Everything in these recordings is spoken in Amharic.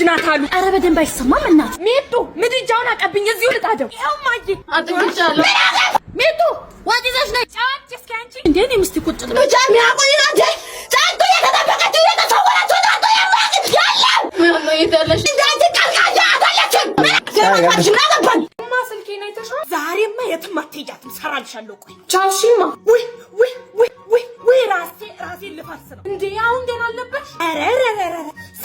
ልጅ ናት አሉ። ኧረ በደንብ አይሰማም። እናት ሜጡ ምድጃውን አቀብኝ፣ እዚሁ ልጣደው። ይኸው ነይ። ምስቲ ብቻ ጫንቶ ጫንቶ ማ ዛሬማ የትም አትሄጃትም። ሰራልሻለሁ። ቆይ ቻው። ውይ ውይ ውይ ውይ ራሴ ራሴ ልፈርስ ነው እንዴ አሁን ገና አለበት። ኧረ ኧረ ኧረ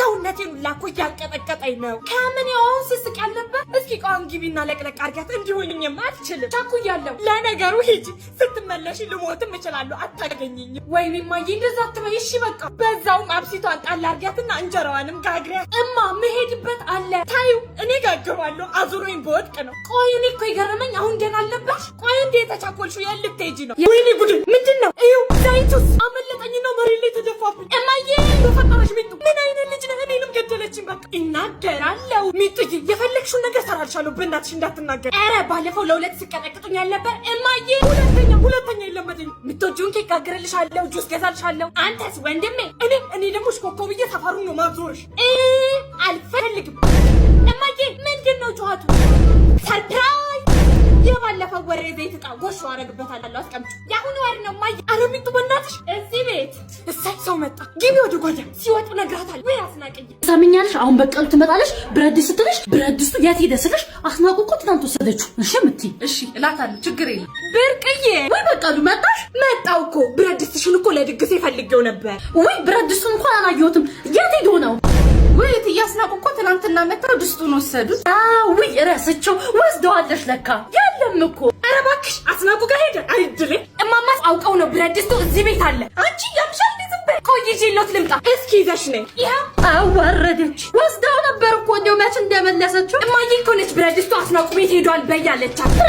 ሰውነቴን ሁላ እኮ እያንቀጠቀጠኝ ነው። ከምን የሆን ስስቅ ያለበት እስኪ ቋን ግቢና ለቅለቅ አድርጊያት። እንዲሆንኝም አልችልም። ቸኩያለሁ። ለነገሩ ሂጂ፣ ስትመለሽ ልሞትም እችላለሁ። አታገኘኝ። ወይኔ እማዬ እንደዛ አትበይ። እሺ በቃ በዛውም አብሲቷን ጣል አድርጊያትና እንጀራዋንም ጋግሪያት። እማ መሄድበት አለ ታዩ። እኔ ጋግሯለሁ። አዙሮኝ በወጥቅ ነው። ቆይ እኔ እኮ የገረመኝ አሁን ደህና አለበት። ቆይ እንደ የተቻኮልሹ የልትሄጂ ነው። ወይኔ ጉድ ምንድን ነው እዩ ዘይቱስ ሚጡዬ የፈለግሽውን ነገር ሰራልሻለሁ። በእናትሽ እንዳትናገር። ኧረ ባለፈው ለሁለት ስቀጠቅጡኝ ያልነበር እማዬ፣ ሁለተኛ ሁለተኛ የለመደኝ ምቶጁን ኬክ ጋግርልሻለሁ፣ ጁስ ገዛልሻለሁ። አንተስ ወንድሜ። እኔ እኔ ደግሞ ሽኮኮ ብዬ ሰፈሩን ነው ማዞርሽ። አልፈልግም። እማዬ ምንድን ነው ጨዋቱ? ሰርፕራይዝ የባለፈው ወሬ ቤት እጣ ጎሽ አረግበታለሁ። አስቀምጭ። የአሁኑ ወር ነው እማዬ። ኧረ ሚጡ በእናትሽ እዚህ ቤት እሳይ ሰው መጣ። ግቢ ወደ ጓዳ ሲወጡ ሰምኛለሽ። አሁን በቀሉ ትመጣለሽ። ብረድ ስትልሽ ብረድ ስቱ የት ሄደ ስልሽ አስናቁ እኮ ትናንት ወሰደችው። እሺ የምትይ እሺ እላታለሁ። ችግር የለም ብርቅዬ። ወይ በቀሉ መጣሽ? መጣሁ እኮ ብረት ድስትሽን እኮ ለድግሴ ፈልጌው ነበር። ወይ ብረድ ስቱን እንኳን አላየሁትም። የት ሄዶ ነው? ወይ እትዬ አስናቁ እኮ ትናንትና መጥተው ድስቱን ወሰዱት። ውይ እረስቸው ወስደዋለሽ ለካ የለም እኮ። ኧረ እባክሽ አስናቁ ጋር ሄደ አይድልኝ። እማማስ አውቀው ነው ብረድ ስቱ እዚህ ቤት አለ አንቺ ይዤ ልምጣ። እስኪ ይዘሽ ነይ። ይኸው አዋረደች። ወስዳው ነበር እኮ ብረት ድስቱ አስናቁ ቤት ሄዷል በይ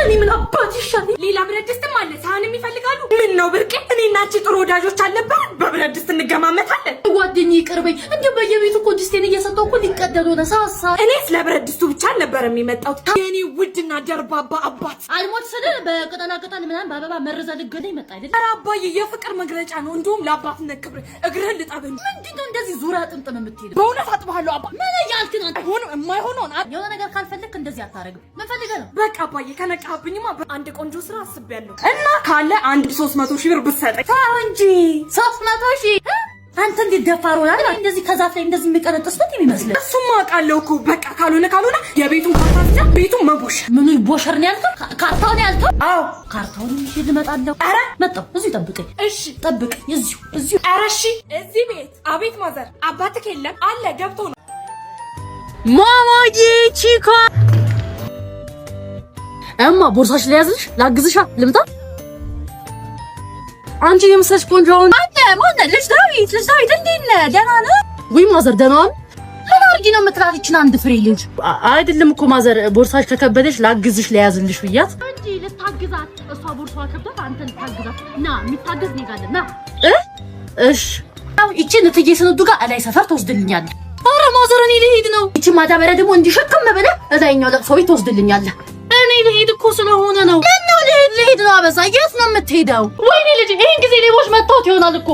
እኔ ምን አባት ይሻል ሌላ ብረት ድስትም አለ ሳህንም ይፈልጋሉ። ምን ነው ብርቅ እኔ እና ጥሩ ወዳጆች አልነበርን? በብረት ድስት እንገማመታለን። ጓደኛዬ ይቅርበኝ፣ እንዲሁ በየቤቱ እኮ ድስቴን እየሰጠሁ እኮ ሊቀደዱ ነው ሳሳ። እኔ ስለ ብረት ድስቱ ብቻ አልነበረ የሚመጣው የእኔ ውድና ደርባባ አባት አልሞት ስል በቅጠላ ቅጠል ምናምን በአበባ መረዘ ልገለ ይመጣ አይደል? ኧረ አባዬ የፍቅር መግለጫ ነው። እንዲሁም ለአባትነት ክብር እግርህን ልጠብ። ምንድነው እንደዚህ ዙሪያ ጥምጥም የምትሄደው? በእውነት አጥብሃለሁ አባ። ምን እያልክ ነው? አይሆንም፣ የማይሆነውን የሆነ ነገር ካልፈለክ እንደዚህ እንደዚህ አታረግም። ምን ፈልገህ ነው? በቃ አባዬ ከነቃብኝማ አንድ ቆንጆ ስራ አስቤያለሁ እና ካለ አንድ 300 ሺህ ብር ብትሰጠኝ እንጂ 300 ሺህ አንተ እንዴት ደፋር ሆና እንደዚህ ከዛፍ ላይ እንደዚህ የሚቀነጥስበት የሚመስልህ? እሱም አውቃለሁ እኮ በቃ ካልሆነ ካልሆነ የቤቱ ካርታ ቤቱ ቤቱን መቦሽ ምኑ ቦሸር ነው ያልከው? ካርታውን ያልከው? አዎ ካርታውን ይዤ ልመጣለሁ። አረ መጣሁ፣ እዚሁ ጠብቀኝ። እሺ ጠብቀኝ፣ እዚሁ እዚሁ። አረ እሺ፣ እዚህ ቤት። አቤት ማዘር፣ አባትህ የለም አለ ገብቶ ነው ሞሞጂ ቺኮ Emma borsaçlı yazılış. La kızı da. Anca yem saç boncuğun. Annem anne lejdavi lejdavi den dinle den anı. Buyum hazır den an. Hemen gino metrar için andı freylin. Aydilim kum hazır borsaç kakabedeş la kızış yazılış fiyat. Önceyle taggızat. Ösa borsaç kabda anten taggızat. Na mitagız ne kadar na. Eh? Eş. İçin tgesini duga alay sefer Ara, o. አረ ማዘረን ይልሂድ ነው። ይቺ ማዳበሪያ ደግሞ እንዲሸከም በለ እዛኛው ለቅሶ ቤት ወስድልኛለህ። ልሄድ እኮ ስለሆነ ነው። ለነው ልሄድ ልሄድ ነው። አበዛ የት ነው የምትሄደው? ወይኔ ልጅ ይህን ጊዜ ሌቦች መታወት ይሆናል እኮ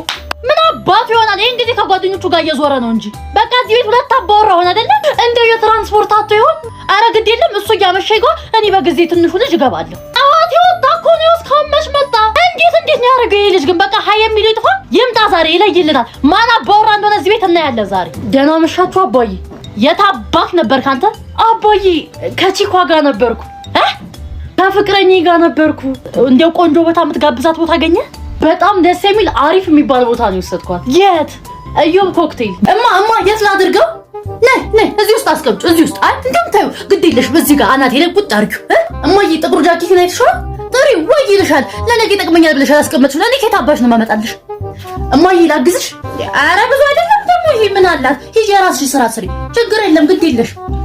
ምን አባት ይሆናል። ይህን ጊዜ ከጓደኞቹ ጋር እየዞረ ነው እንጂ በቃ እዚህ ቤት ሁለት አባወራ ሆነ አይደለ? እንደው የትራንስፖርት አቶ ይሆን? አረ ግድ የለም እሱ እያመሸገ እኔ በጊዜ ትንሹ ልጅ እገባለሁ። ጠዋት የወጣ እኮ ነው እስካመሽ መጣ። እንዴት እንዴት ነው ያደረገው ይሄ ልጅ ግን? በቃ ሀይ የሚለው ይጥፋ ይምጣ። ዛሬ ይለይልናል። ማን አባወራ እንደሆነ እዚህ ቤት እናያለን ዛሬ። ደህና መሻችሁ አባዬ። የታባት ነበር ካንተ አባዬ? ከቺኳ ጋር ነበርኩ ከፍቅረኛ ጋር ነበርኩ። እንደው ቆንጆ ቦታ የምትጋብዛት ቦታ አገኘ። በጣም ደስ የሚል አሪፍ የሚባል ቦታ ነው የወሰድኳት። የት? እዮብ ኮክቴል። እማ እማ፣ የት ላድርገው? ነይ ነይ፣ እዚህ ውስጥ አስቀምጭ፣ እዚህ ውስጥ። አይ እንደምታዩ ግድ የለሽም። እዚህ ጋር አናቴ ላይ ቁጭ አድርጊው። እማዬ፣ ጥቁር ጃኬት ላይ ትሽዋል። ጥሪ ወይ ይልሻል። ለነገ ይጠቅመኛል ብለሽ አላስቀመጥሽው። እኔ ከየት አባሽ ነው የማመጣልሽ? እማዬ፣ ላግዝሽ? ኧረ ብዙ አይደለም ደግሞ። ይሄ ምን አላት? ሂጂ፣ የራስሽ ስራ ስሪ። ችግር የለም፣ ግድ የለሽም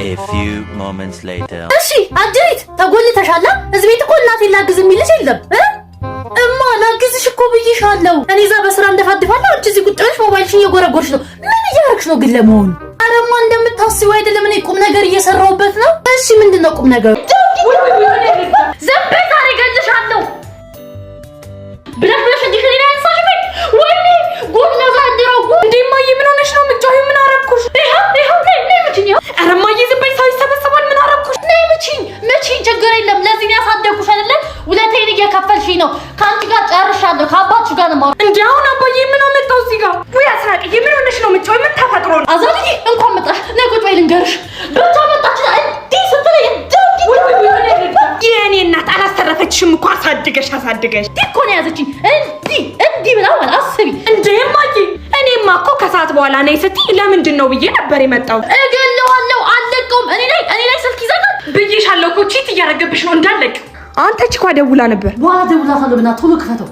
እሺ አጀሪት ተጎልተሻላ። እዚህ ቤት እኮ እናቴ ላግዝ የሚልሽ የለም። እማ ላግዝሽ እኮ ብዬሻለሁ። እኔ እዛ በስራ እንደፋድፋለሁ፣ አንቺ እዚህ ቁጭ ብለሽ ሞባይልሽን እየጎረጎርሽ ነው። ምን እያደረግሽ ነው ግን ለመሆኑ? አረማ እማ እንደምታስቢው አይደለም። እኔ ቁም ነገር እየሰራሁበት ነው። እሺ ምንድን ነው ቁም ነገሩ? ዘበት አደርግልሻለሁ ብለሽ ብለሽ እንዲሽ እያካፈልሽ ነው። ከአንቺ ጋር ጨርሻለሁ። ከአባትሽ ጋር ነው እንጂ አሁን አባዬ ምን አመጣው እዚህ ጋር? ወይ አስናቅዬ ምን ሆነሽ ነው? ምጭ ምን ነው? አዛልዬ እንኳን መጣሽ። ነይ ቁጭ በይ ልንገርሽ። ብቻ መጣች እንዲህ ስትለኝ የእኔ እናት አላስተረፈችሽም እኮ አሳድገሽ አሳድገሽ እኮ ነው የያዘችኝ። እንዲህ እንዲህ ብላ ማለት አስቢ እንዴ ማዬ። እኔማ እኮ ከሰዓት በኋላ ነይ ስትይ ለምንድን ነው ብዬ ነበር የመጣሁት። እገለዋለሁ፣ አለቀውም። እኔ ላይ እኔ ላይ ስልክ ይዘጋል ብዬሻለሁ እኮ ቺት እያረገብሽ ነው እንዳለቅ አንተ ችኳ ደውላ ነበር። በኋላ ደውላ ቶሎ ክፈተው